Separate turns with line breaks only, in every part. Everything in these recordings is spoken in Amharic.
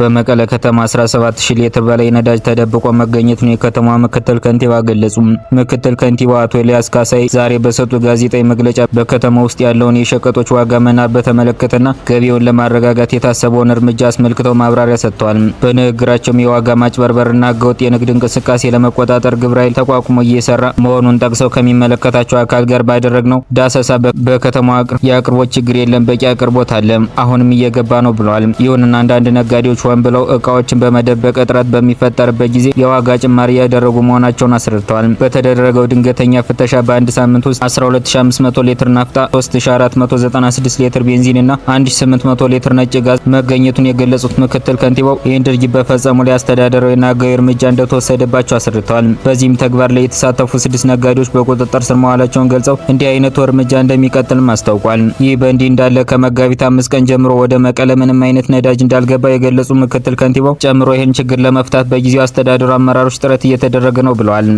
በመቀለ ከተማ 17000 ሊትር በላይ ነዳጅ ተደብቆ ነው የከተማዋ ምክትል ከንቲባ ገለጹ። ምክትል ከንቲባ አቶ ኤልያስ ካሳይ ዛሬ በሰጡ ጋዜጣዊ መግለጫ በከተማ ውስጥ ያለውን የሸቀጦች ዋጋ መናር በተመለከተና ገቢውን ለማረጋጋት የታሰበውን እርምጃ አስመልክተው ማብራሪያ ሰጥተዋል። በንግግራቸውም የዋጋ ማጭበርበርና ህገወጥ የንግድ እንቅስቃሴ ለመቆጣጠር ግብረ ኃይል ተቋቁሞ እየሰራ መሆኑን ጠቅሰው ከሚመለከታቸው አካል ጋር ባደረግነው ዳሰሳ በከተማዋ የአቅርቦት ችግር የለም፣ በቂ አቅርቦት አለ፣ አሁንም እየገባ ነው ብለዋል። ይሁንና አንዳንድ ነጋዴዎች ሆን ብለው እቃዎችን በመደበቅ እጥረት በሚፈጠርበት ጊዜ የዋጋ ጭማሪ ያደረጉ መሆናቸውን አስረድተዋል። በተደረገው ድንገተኛ ፍተሻ በአንድ ሳምንት ውስጥ 12500 ሊትር ናፍጣ፣ 3496 ሊትር ቤንዚን እና 1800 ሊትር ነጭ ጋዝ መገኘቱን የገለጹት ምክትል ከንቲባው ይህን ድርጊት በፈጸሙ ላይ አስተዳደራዊና ሕጋዊ እርምጃ እንደተወሰደባቸው አስረድተዋል። በዚህም ተግባር ላይ የተሳተፉ ስድስት ነጋዴዎች በቁጥጥር ስር መዋላቸውን ገልጸው እንዲህ አይነቱ እርምጃ እንደሚቀጥልም አስታውቋል። ይህ በእንዲህ እንዳለ ከመጋቢት አምስት ቀን ጀምሮ ወደ መቀለ ምንም አይነት ነዳጅ እንዳልገባ የገለጹ የገለጹ ምክትል ከንቲባው ጨምሮ ይህን ችግር ለመፍታት በጊዜው አስተዳደሩ አመራሮች ጥረት እየተደረገ ነው ብለዋል።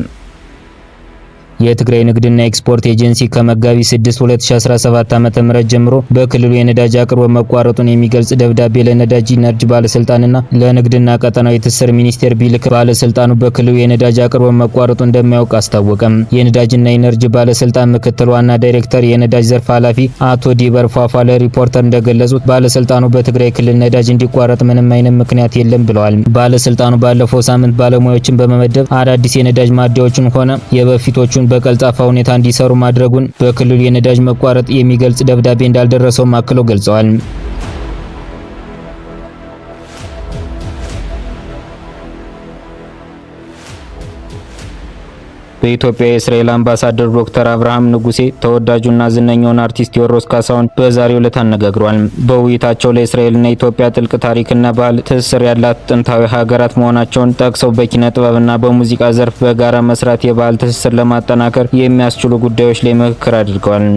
የትግራይ ንግድና ኤክስፖርት ኤጀንሲ ከመጋቢት 6 2017 ዓ.ም ጀምሮ በክልሉ የነዳጅ አቅርቦት መቋረጡን የሚገልጽ ደብዳቤ ለነዳጅ ኢነርጂ ባለስልጣንና ለንግድና ቀጠናዊ ትስስር ሚኒስቴር ቢልክ ባለስልጣኑ በክልሉ የነዳጅ አቅርቦት መቋረጡ እንደማያውቅ አስታወቀም። የነዳጅና ኢነርጂ ባለስልጣን ምክትል ዋና ዳይሬክተር የነዳጅ ዘርፍ ኃላፊ አቶ ዲበር ፏፏ ለሪፖርተር እንደገለጹት ባለስልጣኑ በትግራይ ክልል ነዳጅ እንዲቋረጥ ምንም አይነት ምክንያት የለም ብለዋል። ባለስልጣኑ ባለፈው ሳምንት ባለሙያዎችን በመመደብ አዳዲስ የነዳጅ ማደያዎችን ሆነ የበፊቶቹን በቀልጣፋ ሁኔታ እንዲሰሩ ማድረጉን በክልሉ የነዳጅ መቋረጥ የሚገልጽ ደብዳቤ እንዳልደረሰው አክለው ገልጸዋል። በኢትዮጵያ የእስራኤል አምባሳደር ዶክተር አብርሃም ንጉሴ ተወዳጁና ዝነኛውን አርቲስት ቴዎድሮስ ካሳሁን በዛሬው ዕለት አነጋግሯል። በውይይታቸው ለእስራኤልና ኢትዮጵያ ጥልቅ ታሪክና ባህል ትስስር ያላት ጥንታዊ ሀገራት መሆናቸውን ጠቅሰው በኪነ ጥበብና በሙዚቃ ዘርፍ በጋራ መስራት የባህል ትስስር ለማጠናከር የሚያስችሉ ጉዳዮች ላይ ምክክር አድርገዋል።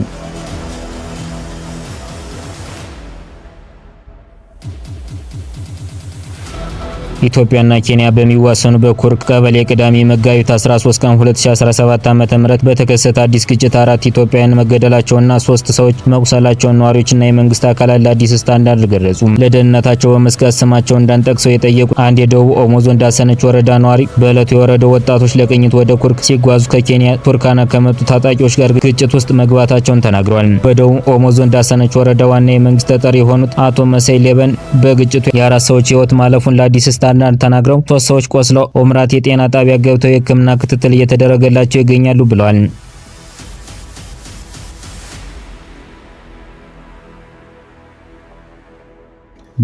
ኢትዮጵያና ኬንያ በሚዋሰኑ በኩርክ ቀበሌ ቅዳሜ መጋቢት 13 ቀን 2017 ዓ.ም በተከሰተ አዲስ ግጭት አራት ኢትዮጵያውያን መገደላቸውና ሶስት ሰዎች መቁሰላቸውን ነዋሪዎችና የመንግስት አካላት ለአዲስ ስታንዳርድ ገለጹ። ለደህንነታቸው በመስጋት ስማቸው እንዳንጠቅሰው የጠየቁ አንድ የደቡብ ኦሞ ዞን ዳሰነች ወረዳ ነዋሪ በዕለቱ የወረዳው ወጣቶች ለቅኝት ወደ ኩርክ ሲጓዙ ከኬንያ ቱርካና ከመጡ ታጣቂዎች ጋር ግጭት ውስጥ መግባታቸውን ተናግረዋል። በደቡብ ኦሞ ዞን ዳሰነች ወረዳ ዋና የመንግስት ተጠሪ የሆኑት አቶ መሳይ ሌበን በግጭቱ የአራት ሰዎች ህይወት ማለፉን ለአዲስ ስታ እንዳንዳንድ ተናግረው ሶስት ሰዎች ቆስለው ኦምራት የጤና ጣቢያ ገብተው የህክምና ክትትል እየተደረገላቸው ይገኛሉ ብለዋል።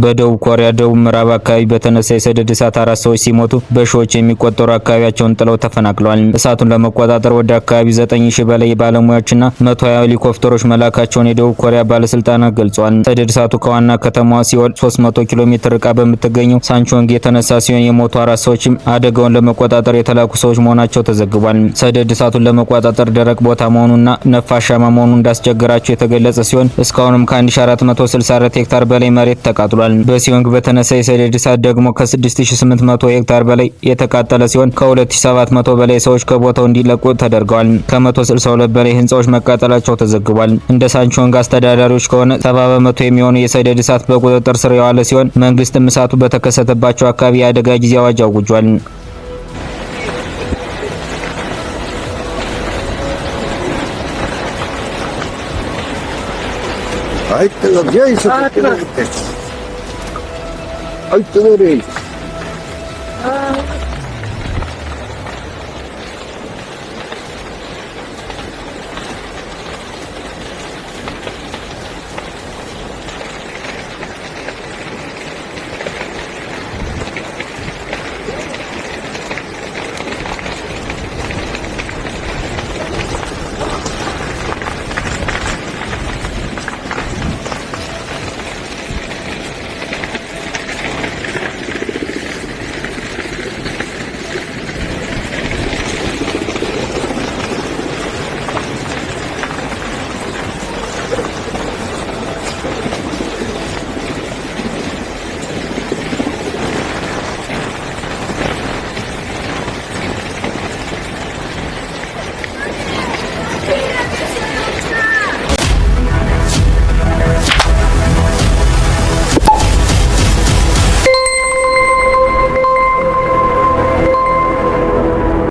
በደቡብ ኮሪያ ደቡብ ምዕራብ አካባቢ በተነሳ የሰደድ እሳት አራት ሰዎች ሲሞቱ በሺዎች የሚቆጠሩ አካባቢያቸውን ጥለው ተፈናቅለዋል። እሳቱን ለመቆጣጠር ወደ አካባቢ 9000 በላይ ባለሙያዎችና 120 ሄሊኮፕተሮች መላካቸውን የደቡብ ኮሪያ ባለስልጣናት ገልጿል። ሰደድ እሳቱ ከዋና ከተማዋ ሲኦል 300 ኪሎ ሜትር ርቃ በምትገኘው ሳንቾንግ የተነሳ ሲሆን የሞቱ አራት ሰዎችም አደጋውን ለመቆጣጠር የተላኩ ሰዎች መሆናቸው ተዘግቧል። ሰደድ እሳቱን ለመቆጣጠር ደረቅ ቦታ መሆኑና ነፋሻማ መሆኑ እንዳስቸገራቸው የተገለጸ ሲሆን እስካሁንም ከ1464 ሄክታር በላይ መሬት ተቃጥሏል። ተቃጥሏል። በሲዮንግ በተነሳ የሰሌድ እሳት ደግሞ ከ6800 ሄክታር በላይ የተቃጠለ ሲሆን ከ2700 በላይ ሰዎች ከቦታው እንዲለቁ ተደርገዋል። ከ162 በላይ ህንፃዎች መቃጠላቸው ተዘግቧል። እንደ ሳንቾንግ አስተዳዳሪዎች ከሆነ 70 በመቶ የሚሆኑ የሰሌድ እሳት በቁጥጥር ስር የዋለ ሲሆን መንግስትም እሳቱ በተከሰተባቸው አካባቢ የአደጋ ጊዜ አዋጅ አውጇል።
Ay, pero ya hizo out the way.